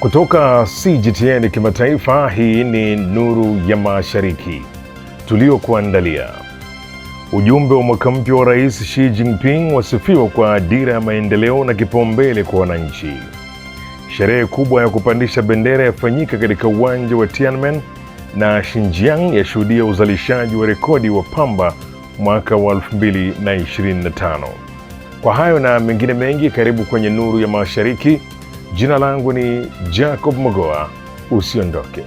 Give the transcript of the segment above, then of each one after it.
Kutoka CGTN Kimataifa, hii ni Nuru ya Mashariki tuliokuandalia. Ujumbe wa mwaka mpya wa Rais Xi Jinping wasifiwa kwa dira ya maendeleo na kipaumbele kwa wananchi. Sherehe kubwa ya kupandisha bendera yafanyika katika uwanja wa Tiananmen na Xinjiang yashuhudia uzalishaji wa rekodi wa pamba mwaka wa 2025. Kwa hayo na mengine mengi, karibu kwenye Nuru ya Mashariki. Jina langu ni Jacob Mogoa, usiondoke.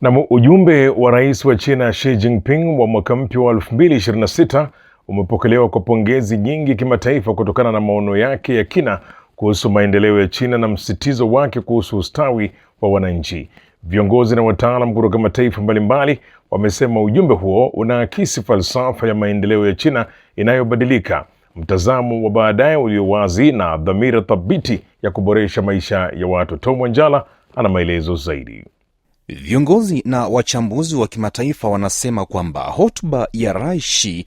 nam ujumbe wa rais wa China Xi Jinping wa mwaka mpya wa 2026 umepokelewa kwa pongezi nyingi kimataifa kutokana na maono yake ya kina kuhusu maendeleo ya China na msisitizo wake kuhusu ustawi wa wananchi. Viongozi na wataalam kutoka mataifa mbalimbali wamesema ujumbe huo unaakisi falsafa ya maendeleo ya China inayobadilika, mtazamo wa baadaye ulio wazi na dhamira thabiti ya kuboresha maisha ya watu. Tom Wanjala ana maelezo zaidi. Viongozi na wachambuzi wa kimataifa wanasema kwamba hotuba ya Rais Xi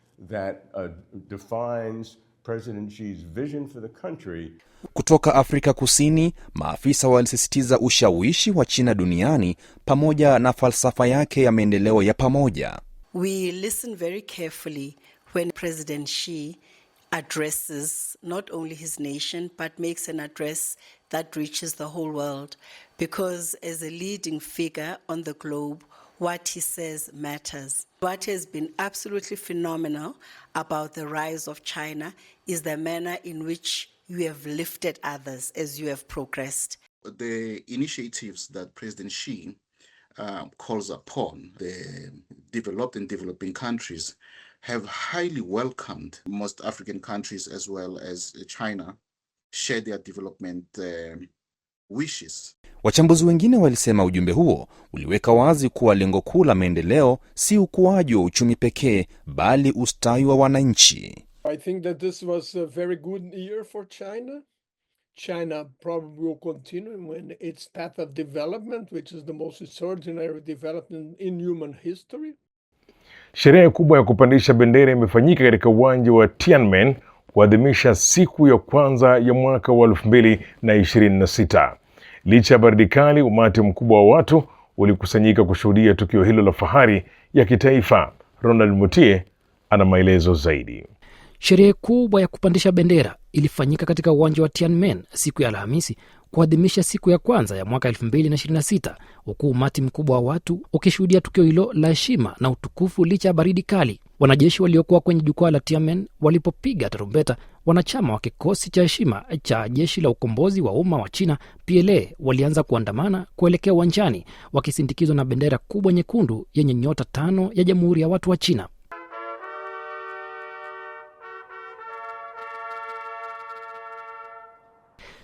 that uh, defines President Xi's vision for the country. Kutoka Afrika Kusini, maafisa walisisitiza ushawishi wa China duniani pamoja na falsafa yake ya maendeleo ya pamoja. We listen very carefully when President Xi addresses not only his nation but makes an address that reaches the whole world because as a leading figure on the globe what he says matters. What has been absolutely phenomenal about the rise of China is the manner in which you have lifted others as you have progressed. The initiatives that President Xi um, calls upon the developed and developing countries have highly welcomed most African countries as well as China share their development. Uh, wishes. Wachambuzi wengine walisema ujumbe huo uliweka wazi kuwa lengo kuu la maendeleo si ukuaji wa uchumi pekee, bali ustawi wa wananchi. I think that this was a very good year for China. China probably will continue its path of development, which is the most extraordinary development in human history. Sherehe kubwa ya kupandisha bendera imefanyika katika uwanja wa Tiananmen kuadhimisha siku ya kwanza ya mwaka wa elfu mbili na ishirini na sita. Licha ya baridi kali, umati mkubwa wa watu ulikusanyika kushuhudia tukio hilo la fahari ya kitaifa. Ronald Mutie ana maelezo zaidi. Sherehe kubwa ya kupandisha bendera ilifanyika katika uwanja wa Tianmen siku ya Alhamisi kuadhimisha siku ya kwanza ya mwaka 2026 huku umati mkubwa wa watu ukishuhudia tukio hilo la heshima na utukufu licha ya baridi kali. Wanajeshi waliokuwa kwenye jukwaa la Tianmen walipopiga tarumbeta wanachama wa kikosi cha heshima cha jeshi la ukombozi wa umma wa China PLA walianza kuandamana kuelekea uwanjani wakisindikizwa na bendera kubwa nyekundu yenye nyota tano ya Jamhuri ya Watu wa China.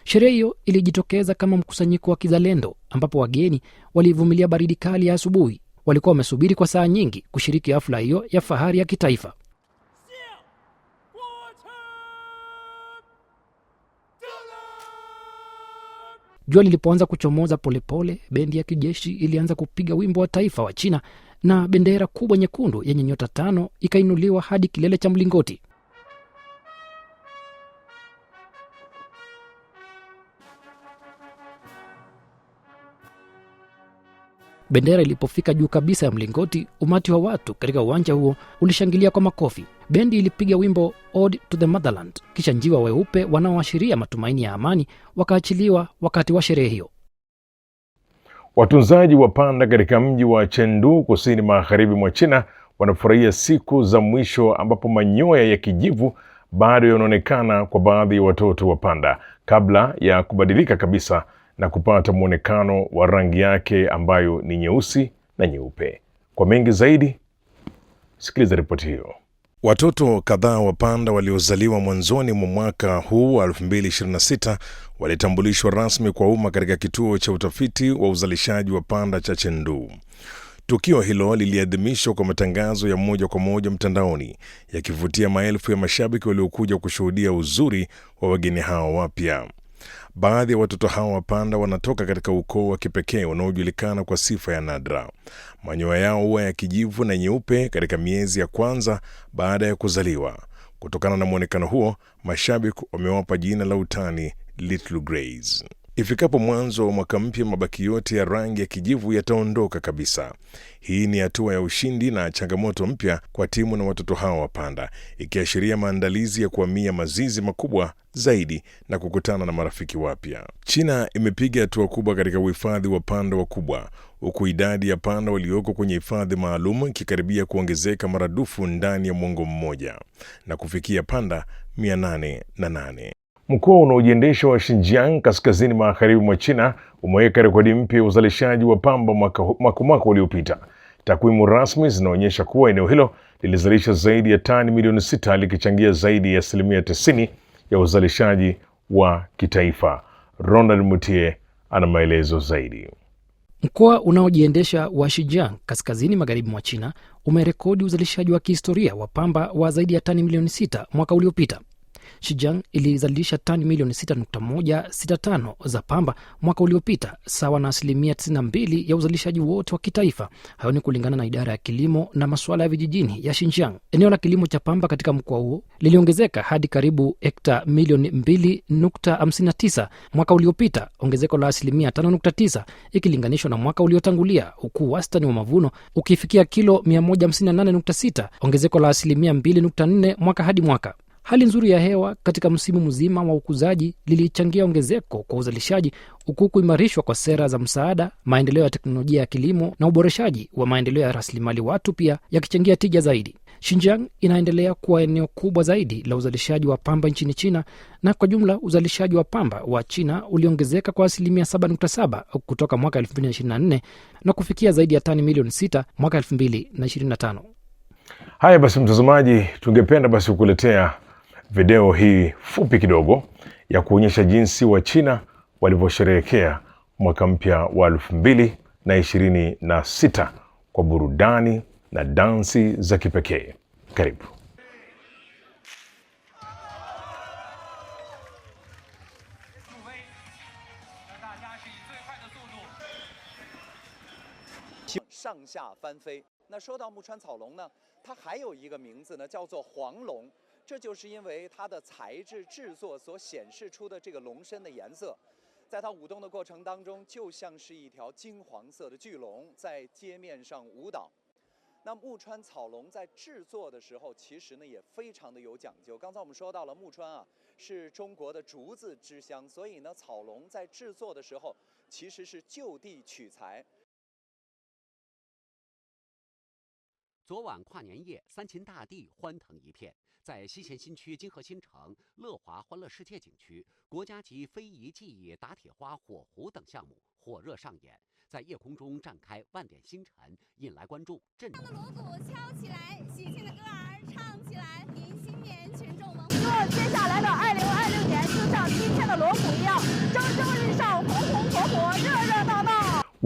Sherehe hiyo ilijitokeza kama mkusanyiko wa kizalendo ambapo wageni walivumilia baridi kali ya asubuhi. Walikuwa wamesubiri kwa saa nyingi kushiriki hafla hiyo ya fahari ya kitaifa. Jua lilipoanza kuchomoza polepole, bendi ya kijeshi ilianza kupiga wimbo wa taifa wa China na bendera kubwa nyekundu yenye nyota tano ikainuliwa hadi kilele cha mlingoti. Bendera ilipofika juu kabisa ya mlingoti, umati wa watu katika uwanja huo ulishangilia kwa makofi. Bendi ilipiga wimbo Ode to the Motherland, kisha njiwa weupe wanaoashiria matumaini ya amani wakaachiliwa wakati wa sherehe hiyo. Watunzaji wa panda katika mji wa Chengdu kusini magharibi mwa China wanafurahia siku za mwisho ambapo manyoya ya kijivu bado yanaonekana kwa baadhi ya watoto wa panda kabla ya kubadilika kabisa na kupata mwonekano wa rangi yake ambayo ni nyeusi na nyeupe. Kwa mengi zaidi, sikiliza ripoti hiyo. Watoto kadhaa wa panda waliozaliwa mwanzoni mwa mwaka huu wa 2026 walitambulishwa rasmi kwa umma katika kituo cha utafiti wa uzalishaji wa panda cha Chengdu. Tukio hilo liliadhimishwa kwa matangazo ya moja kwa moja mtandaoni yakivutia maelfu ya mashabiki waliokuja kushuhudia uzuri wa wageni hao wapya. Baadhi ya watoto hawa wapanda wanatoka katika ukoo wa kipekee unaojulikana kwa sifa ya nadra. Manyoya yao huwa ya kijivu na nyeupe katika miezi ya kwanza baada ya kuzaliwa. Kutokana na mwonekano huo, mashabiki wamewapa jina la utani Little Greys. Ifikapo mwanzo wa mwaka mpya, mabaki yote ya rangi ya kijivu yataondoka kabisa. Hii ni hatua ya ushindi na changamoto mpya kwa timu na watoto hao panda ikiashiria maandalizi ya kuhamia mazizi makubwa zaidi na kukutana na marafiki wapya. China imepiga hatua kubwa katika uhifadhi wa panda wakubwa, huku idadi ya panda walioko kwenye hifadhi maalum ikikaribia kuongezeka maradufu ndani ya mwongo mmoja na kufikia panda mia Mkoa unaojiendesha wa Xinjiang kaskazini magharibi mwa China umeweka rekodi mpya ya uzalishaji wa pamba mwaka mwaka uliopita. Takwimu rasmi zinaonyesha kuwa eneo hilo lilizalisha zaidi ya tani milioni sita likichangia zaidi ya asilimia tisini ya uzalishaji wa kitaifa. Ronald Mutie ana maelezo zaidi. Mkoa unaojiendesha wa Xinjiang kaskazini magharibi mwa China umerekodi uzalishaji wa kihistoria wa pamba wa zaidi ya tani milioni sita mwaka uliopita Shijian ilizalisha tani milioni 6.165 za pamba mwaka uliopita, sawa na asilimia 92 ya uzalishaji wote wa kitaifa. Hayo ni kulingana na idara ya kilimo na masuala ya vijijini ya shinjiang Eneo la kilimo cha pamba katika mkoa huo liliongezeka hadi karibu hekta milioni 2.59 mwaka uliopita, ongezeko la asilimia 5.9 ikilinganishwa na mwaka uliotangulia, huku wastani wa mavuno ukifikia kilo 158.6, ongezeko la asilimia 2.4 mwaka hadi mwaka. Hali nzuri ya hewa katika msimu mzima wa ukuzaji lilichangia ongezeko kwa uzalishaji, huku kuimarishwa kwa sera za msaada, maendeleo ya teknolojia ya kilimo na uboreshaji wa maendeleo ya rasilimali watu pia yakichangia tija zaidi. shinjiang inaendelea kuwa eneo kubwa zaidi la uzalishaji wa pamba nchini China, na kwa jumla uzalishaji wa pamba wa China uliongezeka kwa asilimia 7.7 kutoka mwaka 224 na kufikia zaidi ya tani milioni 6 mwaka 225 Haya basi, mtazamaji, tungependa basi kukuletea video hii fupi kidogo ya kuonyesha jinsi Wachina walivyosherehekea mwaka mpya wa elfu mbili na ishirini na sita kwa burudani na dansi za kipekee. Karibu. 这就是因为它的材质制作所显示出的这个龙身的颜色，在它舞动的过程当中，就像是一条金黄色的巨龙在街面上舞蹈。那木川草龙在制作的时候，其实呢也非常的有讲究。刚才我们说到了木川啊，是中国的竹子之乡，所以呢草龙在制作的时候其实是就地取材。昨晚跨年夜，三秦大地欢腾一片。在西咸新区金河新城乐华欢乐世界景区，国家级非遗技艺打铁花、火壶等项目火热上演，在夜空中绽开万点星辰，引来观众震。锣鼓敲起来，喜庆的歌儿唱起来，迎新年，群众文。化。接下来的二零二。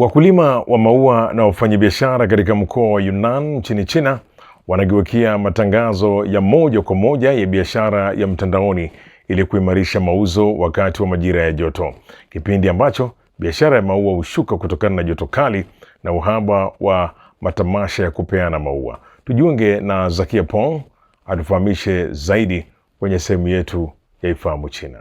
Wakulima wa maua na wafanyabiashara katika mkoa wa Yunnan nchini China wanageukia matangazo ya moja kwa moja ya biashara ya mtandaoni ili kuimarisha mauzo wakati wa majira ya joto, kipindi ambacho biashara ya maua hushuka kutokana na joto kali na uhaba wa matamasha ya kupeana maua. Tujiunge na Zakia Pong atufahamishe zaidi kwenye sehemu yetu ya Ifahamu China.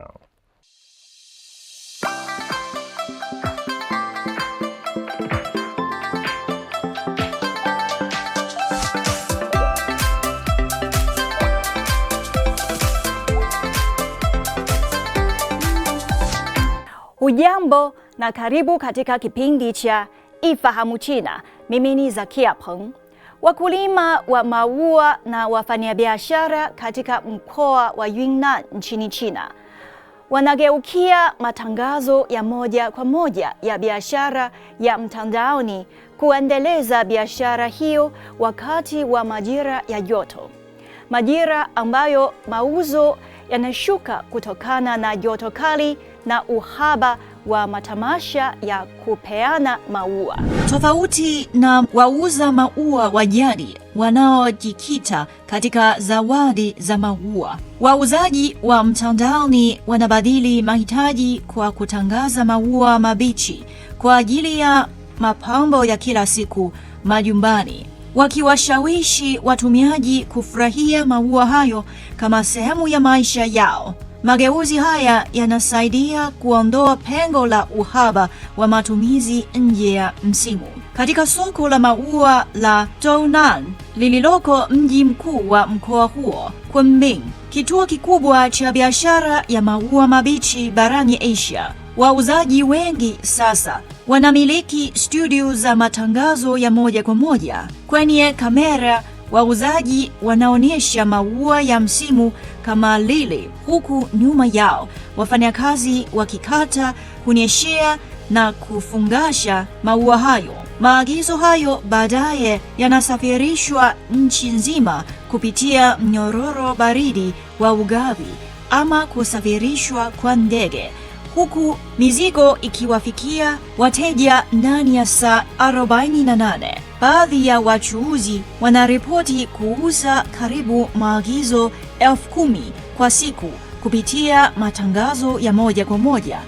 Hujambo na karibu katika kipindi cha Ifahamu China. Mimi ni Zakia Peng. Wakulima wa maua na wafanyabiashara katika mkoa wa Yunnan nchini China wanageukia matangazo ya moja kwa moja ya biashara ya mtandaoni kuendeleza biashara hiyo wakati wa majira ya joto, majira ambayo mauzo yanashuka kutokana na joto kali na uhaba wa matamasha ya kupeana maua. Tofauti na wauza maua wa jadi wanaojikita katika zawadi za maua, wauzaji wa mtandaoni wanabadili mahitaji kwa kutangaza maua mabichi kwa ajili ya mapambo ya kila siku majumbani, wakiwashawishi watumiaji kufurahia maua hayo kama sehemu ya maisha yao. Mageuzi haya yanasaidia kuondoa pengo la uhaba wa matumizi nje ya msimu katika soko la maua la Tounan lililoko mji mkuu wa mkoa huo Kunming, kituo kikubwa cha biashara ya maua mabichi barani Asia. Wauzaji wengi sasa wanamiliki studio za matangazo ya moja kwa moja kwenye kamera Wauzaji wanaonyesha maua ya msimu kama lili, huku nyuma yao wafanyakazi wakikata, kunyeshea na kufungasha maua hayo. Maagizo hayo baadaye yanasafirishwa nchi nzima kupitia mnyororo baridi wa ugavi ama kusafirishwa kwa ndege huku mizigo ikiwafikia wateja ndani ya saa 48. Baadhi ya wachuuzi wanaripoti kuuza karibu maagizo elfu kumi kwa siku kupitia matangazo ya moja kwa moja,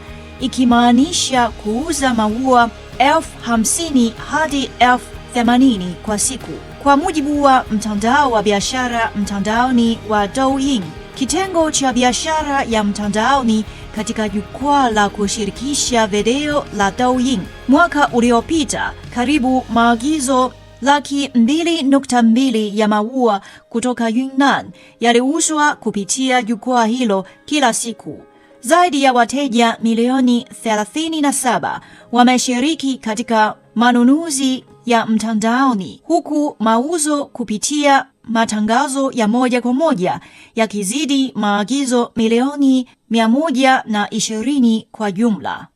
ikimaanisha kuuza maua elfu hamsini hadi elfu themanini kwa siku, kwa mujibu wa mtandao wa biashara mtandaoni wa Douyin, kitengo cha biashara ya mtandaoni katika jukwaa la kushirikisha video la Douyin. Mwaka uliopita, karibu maagizo laki mbili nukta mbili ya maua kutoka Yunnan yaliuzwa kupitia jukwaa hilo kila siku. Zaidi ya wateja milioni 37 wameshiriki katika manunuzi ya mtandaoni huku mauzo kupitia matangazo ya moja kwa moja yakizidi maagizo milioni mia na ishirini kwa jumla.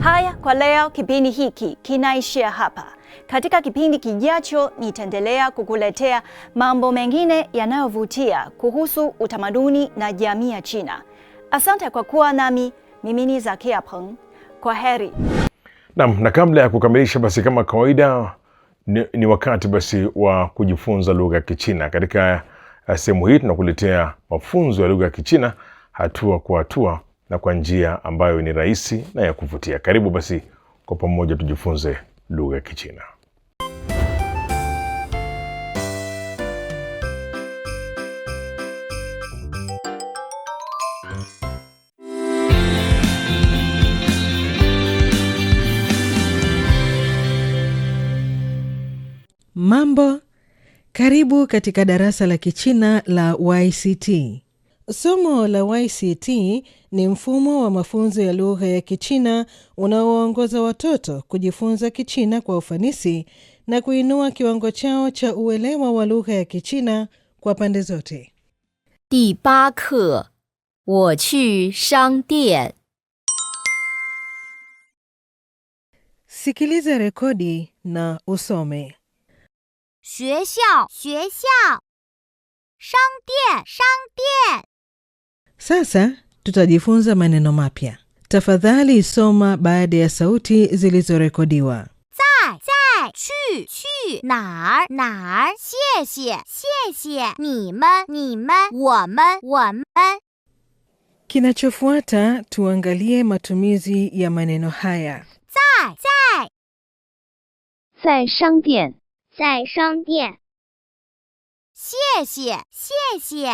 Haya kwa leo, kipindi hiki kinaishia hapa. Katika kipindi kijacho nitaendelea kukuletea mambo mengine yanayovutia kuhusu utamaduni na jamii ya China. Asante kwa kuwa nami. Mimi ni Zakia Peng, kwa heri. Naam, na kabla ya kukamilisha, basi kama kawaida ni, ni wakati basi wa kujifunza lugha ya Kichina. Katika eh, sehemu hii tunakuletea mafunzo ya lugha ya Kichina hatua kwa hatua na kwa njia ambayo ni rahisi na ya kuvutia. Karibu basi kwa pamoja tujifunze lugha ya Kichina. Mambo, karibu katika darasa la Kichina la YCT. Somo la YCT ni mfumo wa mafunzo ya lugha ya Kichina unaowaongoza watoto kujifunza Kichina kwa ufanisi na kuinua kiwango chao cha uelewa wa lugha ya Kichina kwa pande zote. sikiliza rekodi na usome. 学校，学校，商店，商店。Sasa tutajifunza maneno mapya. Tafadhali soma baada ya sauti zilizorekodiwa. 在在去去哪儿哪儿？谢谢谢谢你们你们我们我们。Kinachofuata tuangalie matumizi ya maneno haya. 在在在商店。在商店。谢谢，谢谢，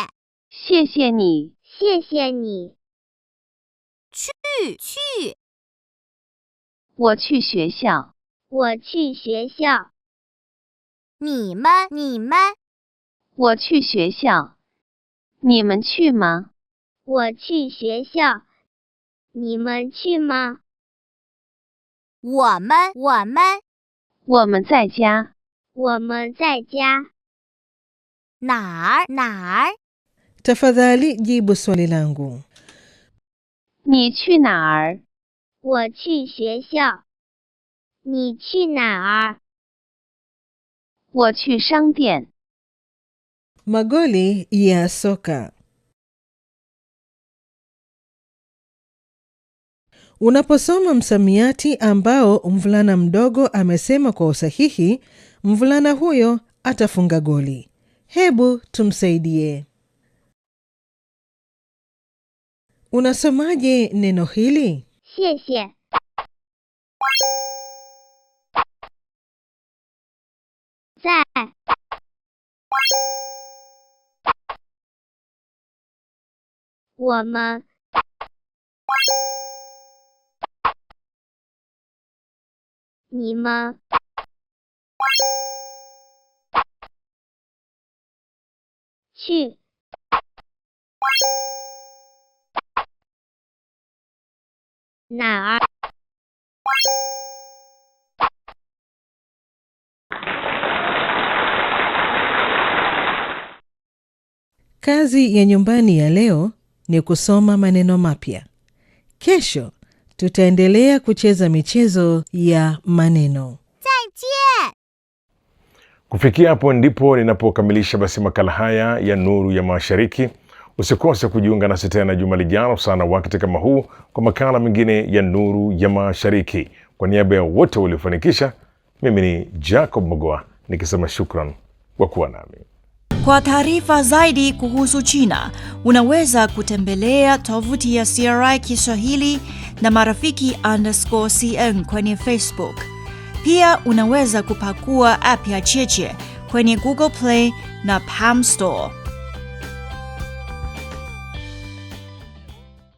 谢谢你，谢谢你。去，去。我去学校，我去学校。你们，你们，我去学校。你们去吗？我去学校。你们去吗？我们，我们，我们在家。我们在家。哪儿哪儿？Tafadhali jibu swali langu. 你去哪儿？我去学校。你去哪儿？我去商店。Magoli ya soka. Unaposoma msamiati ambao mvulana mdogo amesema kwa usahihi mvulana huyo atafunga goli. Hebu tumsaidie. Unasomaje neno hili? Sheshe. 去。哪儿？Kazi ya nyumbani ya leo ni kusoma maneno mapya. Kesho tutaendelea kucheza michezo ya maneno. Kufikia hapo ndipo ninapokamilisha basi makala haya ya Nuru ya Mashariki. Usikose kujiunga nasi tena juma lijalo sana wakati kama huu kwa makala mengine ya Nuru ya Mashariki. Kwa niaba ya wote waliofanikisha, mimi ni Jacob Mogoa nikisema shukran kwa kuwa nami. Kwa taarifa zaidi kuhusu China unaweza kutembelea tovuti ya CRI Kiswahili na marafiki underscore cn kwenye Facebook. Pia unaweza kupakua app ya Cheche kwenye Google Play na Palm Store.